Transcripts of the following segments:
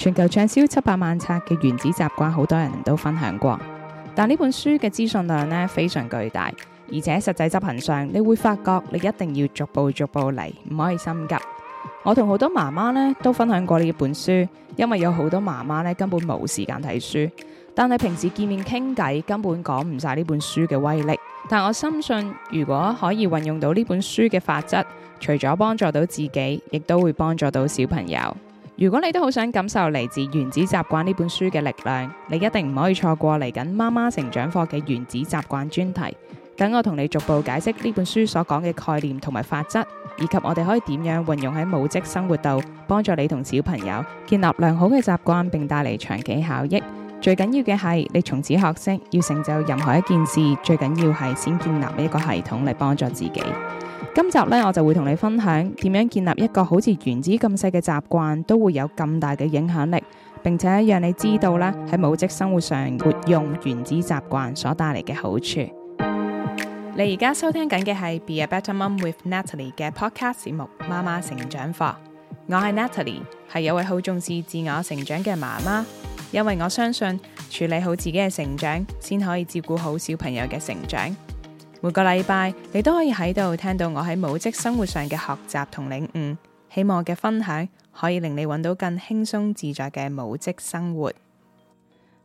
全球暢銷七百萬冊嘅《原子習慣》，好多人都分享過。但呢本書嘅資訊量呢非常巨大，而且實際執行上，你會發覺你一定要逐步逐步嚟，唔可以心急。我同好多媽媽呢都分享過呢本書，因為有好多媽媽呢根本冇時間睇書，但係平時見面傾偈根本講唔晒呢本書嘅威力。但我深信，如果可以運用到呢本書嘅法則，除咗幫助到自己，亦都會幫助到小朋友。如果你都好想感受嚟自《原子習慣》呢本書嘅力量，你一定唔可以錯過嚟緊媽媽成長課嘅《原子習慣》專題。等我同你逐步解釋呢本書所講嘅概念同埋法則，以及我哋可以點樣運用喺母職生活度，幫助你同小朋友建立良好嘅習慣，並帶嚟長期效益。最緊要嘅係，你從此學識要成就任何一件事，最緊要係先建立一個系統嚟幫助自己。今集呢，我就會同你分享點樣建立一個好似原子咁細嘅習慣，都會有咁大嘅影響力，並且讓你知道啦，喺母職生活上活用原子習慣所帶嚟嘅好處。你而家收聽緊嘅係《Be a Better Mom with Natalie》嘅 Podcast 節目《媽媽成長課》，我係 Natalie，係一位好重視自我成長嘅媽媽，因為我相信處理好自己嘅成長，先可以照顧好小朋友嘅成長。每個禮拜你都可以喺度聽到我喺母職生活上嘅學習同領悟，希望我嘅分享可以令你揾到更輕鬆自在嘅母職生活。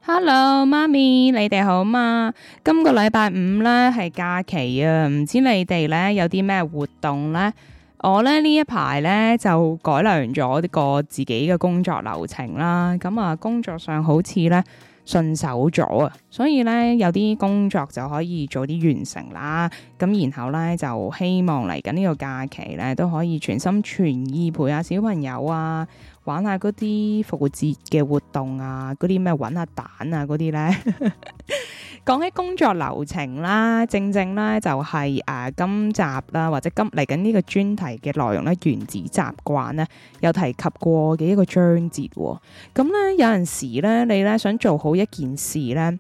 Hello，媽咪，你哋好嗎？今個禮拜五呢係假期啊，唔知你哋呢有啲咩活動呢？我呢呢一排呢，就改良咗個自己嘅工作流程啦。咁、嗯、啊，工作上好似呢。順手咗啊，所以咧有啲工作就可以早啲完成啦。咁然後咧就希望嚟緊呢個假期咧都可以全心全意陪下小朋友啊，玩下嗰啲復活節嘅活動啊，嗰啲咩搵下蛋啊嗰啲咧。講 起工作流程啦，正正咧就係、是、誒、啊、今集啦或者今嚟緊呢個專題嘅內容咧，原子習慣咧有提及過嘅一個章節、哦。咁咧有陣時咧你咧想做好一件事咧。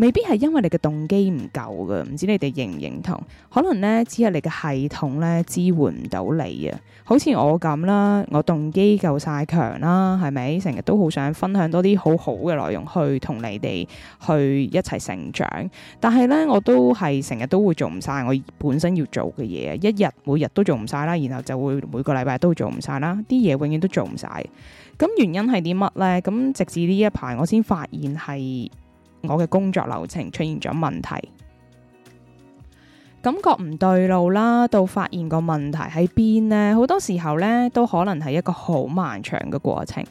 未必係因為你嘅動機唔夠㗎，唔知你哋認唔認同？可能呢只係你嘅系統呢支援唔到你啊！好似我咁啦，我動機夠晒強啦，係咪？成日都好想分享多啲好好嘅內容去同你哋去一齊成長，但係呢，我都係成日都會做唔晒我本身要做嘅嘢，一日每日都做唔晒啦，然後就會每個禮拜都做唔晒啦，啲嘢永遠都做唔晒。咁原因係啲乜呢？咁直至呢一排，我先發現係。我嘅工作流程出現咗問題。感覺唔對路啦，到發現個問題喺邊呢？好多時候呢，都可能係一個好漫長嘅過程。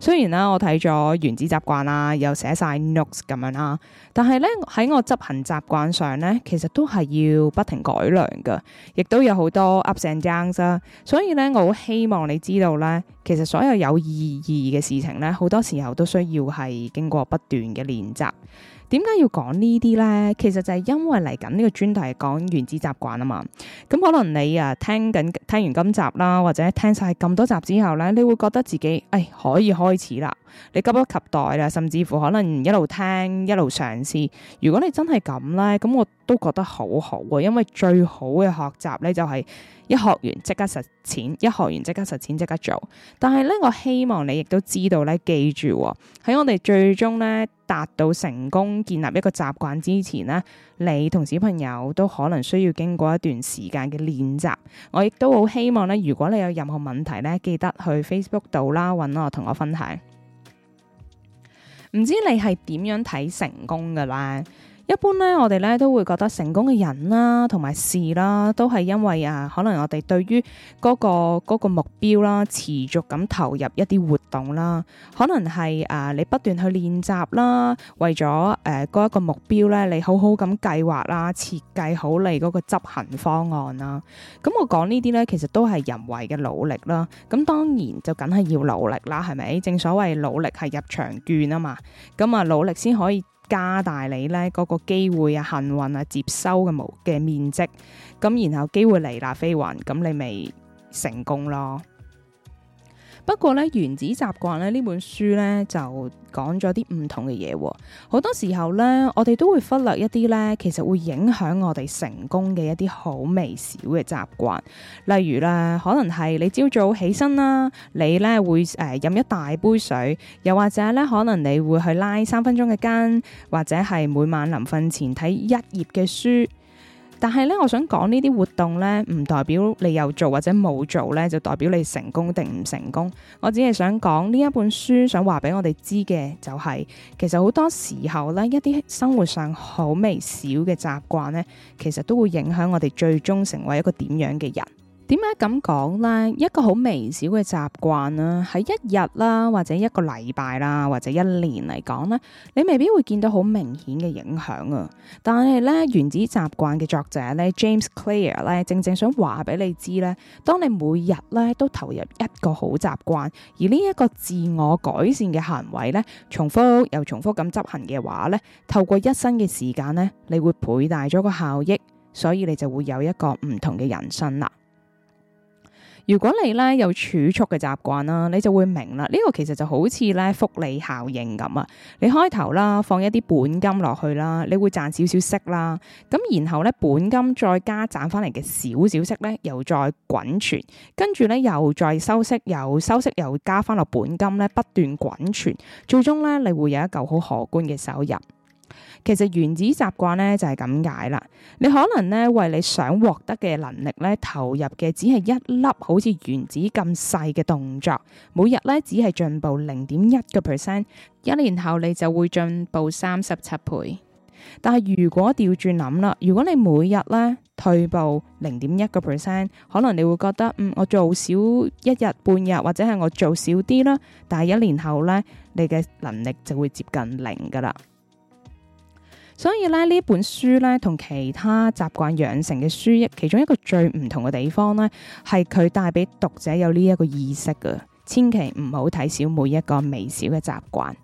雖然呢我睇咗原子習慣啦，又寫晒 notes 咁樣啦，但係呢，喺我執行習慣上呢，其實都係要不停改良嘅，亦都有好多 ups and downs。所以呢，我好希望你知道呢，其實所有有意義嘅事情呢，好多時候都需要係經過不斷嘅練習。點解要講呢啲呢？其實就係因為嚟緊呢個專題係講原子習慣啊嘛。咁可能你啊聽緊聽完今集啦，或者聽晒咁多集之後呢，你會覺得自己誒可以開始啦，你急不及待啦，甚至乎可能一路聽一路嘗試。如果你真係咁呢，咁我都覺得好好啊，因為最好嘅學習呢，就係、是。一學完即刻實踐，一學完即刻實踐，即刻做。但係咧，我希望你亦都知道咧，記住喺我哋最終咧達到成功建立一個習慣之前呢，你同小朋友都可能需要經過一段時間嘅練習。我亦都好希望咧，如果你有任何問題咧，記得去 Facebook 度啦，搵我同我分享。唔知你係點樣睇成功㗎喇？一般咧，我哋咧都會覺得成功嘅人啦，同埋事啦，都係因為啊，可能我哋對於嗰個嗰個目標啦，持續咁投入一啲活動啦，可能係啊，你不斷去練習啦，為咗誒嗰一個目標咧，你好好咁計劃啦，設計好你嗰個執行方案啦。咁我講呢啲咧，其實都係人為嘅努力啦。咁當然就梗係要努力啦，係咪？正所謂努力係入場券啊嘛。咁啊，努力先可以。加大你咧嗰個機會啊、幸運啊、接收嘅模嘅面積，咁然後機會嚟啦，飛運，咁你咪成功咯。不過咧，原子習慣咧呢本書咧就講咗啲唔同嘅嘢喎。好多時候咧，我哋都會忽略一啲咧，其實會影響我哋成功嘅一啲好微小嘅習慣。例如啦，可能係你朝早起身啦，你咧會誒飲、呃、一大杯水，又或者咧，可能你會去拉三分鐘嘅筋，或者係每晚臨瞓前睇一頁嘅書。但係咧，我想講呢啲活動咧，唔代表你有做或者冇做咧，就代表你成功定唔成功。我只係想講呢一本書，想話俾我哋知嘅就係，其實好多時候咧，一啲生活上好微小嘅習慣咧，其實都會影響我哋最終成為一個點樣嘅人。點解咁講呢？一個好微小嘅習慣啦，喺一日啦，或者一個禮拜啦，或者一年嚟講呢，你未必會見到好明顯嘅影響啊。但係呢，原子習慣嘅作者呢，James Clear 呢，正正想話俾你知呢，當你每日呢都投入一個好習慣，而呢一個自我改善嘅行為呢，重複又重複咁執行嘅話呢，透過一生嘅時間呢，你會倍大咗個效益，所以你就會有一個唔同嘅人生啦。如果你咧有儲蓄嘅習慣啦，你就會明啦。呢個其實就好似咧複利效應咁啊！你開頭啦放一啲本金落去啦，你會賺少少息啦。咁然後咧本金再加賺翻嚟嘅少少息咧，又再滾存，跟住咧又再收息，又收息又加翻落本金咧，不斷滾存，最終咧你會有一嚿好可觀嘅收入。其實原子習慣咧就係咁解啦。你可能咧為你想獲得嘅能力咧投入嘅只係一粒好似原子咁細嘅動作，每日咧只係進步零點一個 percent，一年後你就會進步三十七倍。但係如果調轉諗啦，如果你每日咧退步零點一個 percent，可能你會覺得嗯，我做少一日半日或者係我做少啲啦，但係一年後咧你嘅能力就會接近零噶啦。所以呢本書咧，同其他習慣養成嘅書，其中一個最唔同嘅地方咧，係佢帶俾讀者有呢一個意識嘅。千祈唔好睇小每一個微小嘅習慣。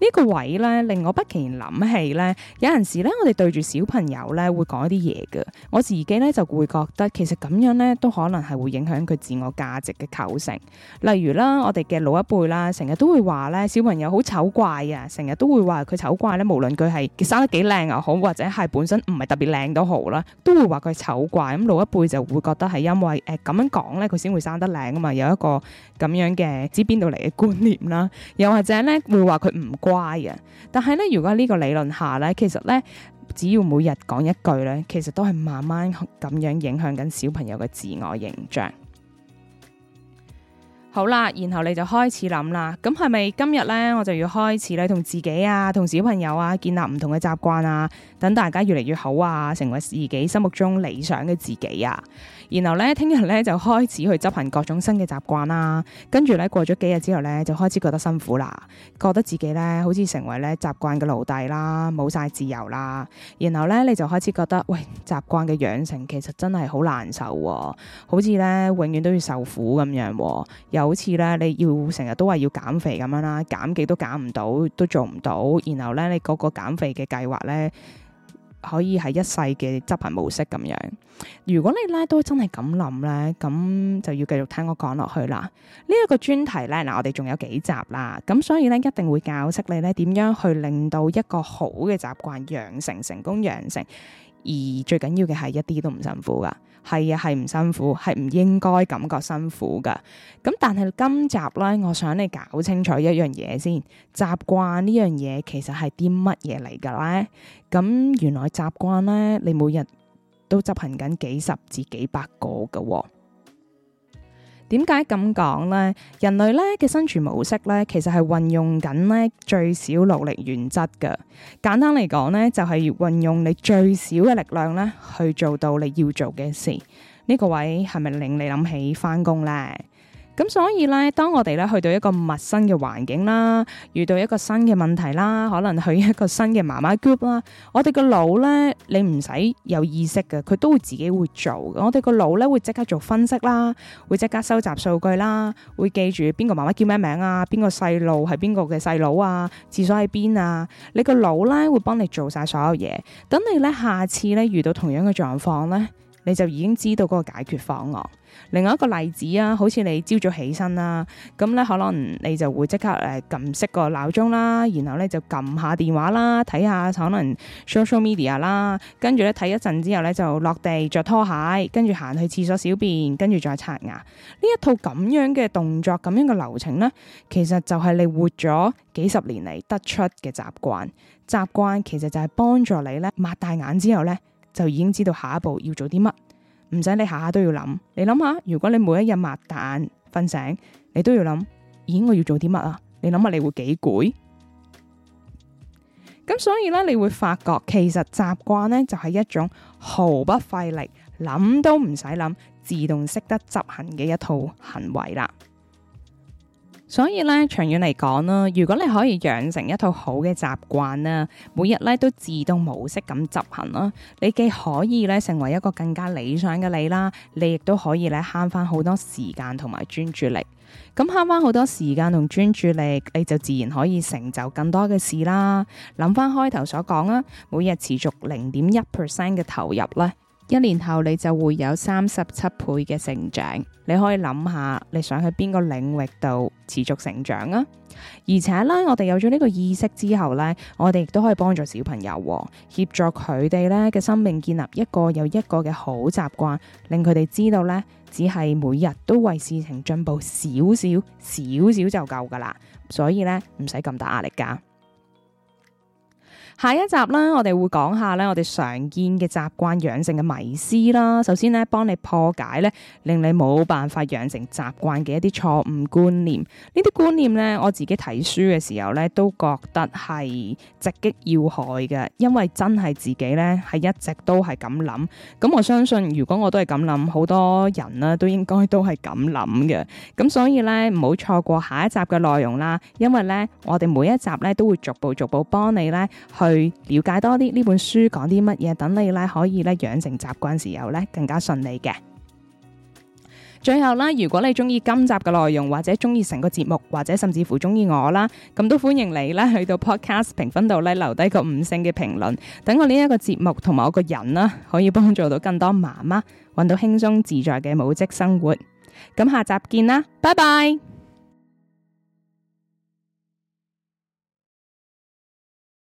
呢個位咧令我不期然諗起咧，有陣時咧我哋對住小朋友咧會講一啲嘢嘅。我自己咧就會覺得，其實咁樣咧都可能係會影響佢自我價值嘅構成。例如啦，我哋嘅老一輩啦，成日都會話咧小朋友好醜怪啊，成日都會話佢醜怪咧。無論佢係生得幾靚又好，或者係本身唔係特別靚都好啦，都會話佢醜怪。咁老一輩就會覺得係因為誒咁樣講咧，佢先會生得靚啊嘛。有一個咁樣嘅。誒，知邊度嚟嘅觀念啦，又或者咧會話佢唔乖嘅。但係咧，如果喺呢個理論下咧，其實咧，只要每日講一句咧，其實都係慢慢咁樣影響緊小朋友嘅自我形象。好啦，然後你就開始諗啦，咁係咪今日呢？我就要開始咧同自己啊，同小朋友啊建立唔同嘅習慣啊，等大家越嚟越好啊，成為自己心目中理想嘅自己啊。然後呢，聽日呢，就開始去執行各種新嘅習慣啦，跟住呢，過咗幾日之後呢，就開始覺得辛苦啦，覺得自己呢好似成為咧習慣嘅奴隸啦，冇晒自由啦。然後呢，你就開始覺得喂，習慣嘅養成其實真係好難受啊，好似呢永遠都要受苦咁樣啊。有次咧，你要成日都話要減肥咁樣啦，減幾都減唔到，都做唔到。然後咧，你個個減肥嘅計劃咧，可以係一世嘅執行模式咁樣。如果你拉都真係咁諗咧，咁就要繼續聽我講落去啦。呢、這、一個專題咧，嗱我哋仲有幾集啦，咁所以咧，一定會教識你咧點樣去令到一個好嘅習慣養成成功養成，而最緊要嘅係一啲都唔辛苦噶。係啊，係唔辛苦，係唔應該感覺辛苦噶。咁但係今集咧，我想你搞清楚一樣嘢先。習慣呢樣嘢其實係啲乜嘢嚟噶咧？咁、嗯、原來習慣咧，你每日都執行緊幾十至幾百個噶喎、哦。點解咁講咧？人類咧嘅生存模式咧，其實係運用緊咧最少勞力原則㗎。簡單嚟講咧，就係運用你最少嘅力量咧，去做到你要做嘅事。呢、這個位係咪令你諗起返工咧？咁所以咧，當我哋咧去到一個陌生嘅環境啦，遇到一個新嘅問題啦，可能去一個新嘅媽媽 group 啦，我哋個腦咧，你唔使有意識嘅，佢都會自己會做嘅。我哋個腦咧會即刻做分析啦，會即刻收集數據啦，會記住邊個媽媽叫咩名啊，邊個細路係邊個嘅細佬啊，廁所喺邊啊，你個腦咧會幫你做晒所有嘢，等你咧下次咧遇到同樣嘅狀況咧。你就已經知道嗰個解決方案。另外一個例子啊，好似你朝早起身啦，咁呢可能你就會即刻誒撳熄個鬧鐘啦，然後呢就撳下電話啦，睇下可能 social media 啦，跟住呢睇一陣之後呢，就落地着拖鞋，跟住行去廁所小便，跟住再刷牙。呢一套咁樣嘅動作，咁樣嘅流程呢，其實就係你活咗幾十年嚟得出嘅習慣。習慣其實就係幫助你呢擘大眼之後呢，就已經知道下一步要做啲乜，唔使你下下都要諗。你諗下，如果你每一日擘蛋瞓醒，你都要諗，咦，我要做啲乜啊？你諗下你會幾攰？咁、嗯、所以呢，你會發覺其實習慣呢，就係、是、一種毫不費力，諗都唔使諗，自動識得執行嘅一套行為啦。所以咧，長遠嚟講啦，如果你可以養成一套好嘅習慣咧，每日咧都自動模式咁執行啦，你既可以咧成為一個更加理想嘅你啦，你亦都可以咧慳翻好多時間同埋專注力。咁慳翻好多時間同專注力，你就自然可以成就更多嘅事啦。諗翻開頭所講啦，每日持續零點一 percent 嘅投入咧。一年後你就會有三十七倍嘅成長，你可以諗下你想去邊個領域度持續成長啊！而且呢，我哋有咗呢個意識之後呢，我哋亦都可以幫助小朋友協助佢哋呢嘅生命建立一個又一個嘅好習慣，令佢哋知道呢，只係每日都為事情進步少少少少就夠噶啦，所以呢，唔使咁大壓力噶。下一集啦，我哋會講下咧，我哋常見嘅習慣養成嘅迷思啦。首先咧，幫你破解咧，令你冇辦法養成習慣嘅一啲錯誤觀念。呢啲觀念咧，我自己睇書嘅時候咧，都覺得係直擊要害嘅，因為真係自己咧係一直都係咁諗。咁我相信，如果我都係咁諗，好多人啦都應該都係咁諗嘅。咁所以咧，唔好錯過下一集嘅內容啦。因為咧，我哋每一集咧都會逐步逐步幫你咧去。去了解多啲呢本書講啲乜嘢，等你咧可以咧養成習慣時候咧更加順利嘅。最後啦，如果你中意今集嘅內容，或者中意成個節目，或者甚至乎中意我啦，咁都歡迎你啦去到 Podcast 評分度咧留低個五星嘅評論，等我呢一個節目同埋我個人啦，可以幫助到更多媽媽揾到輕鬆自在嘅母職生活。咁下集見啦，拜拜。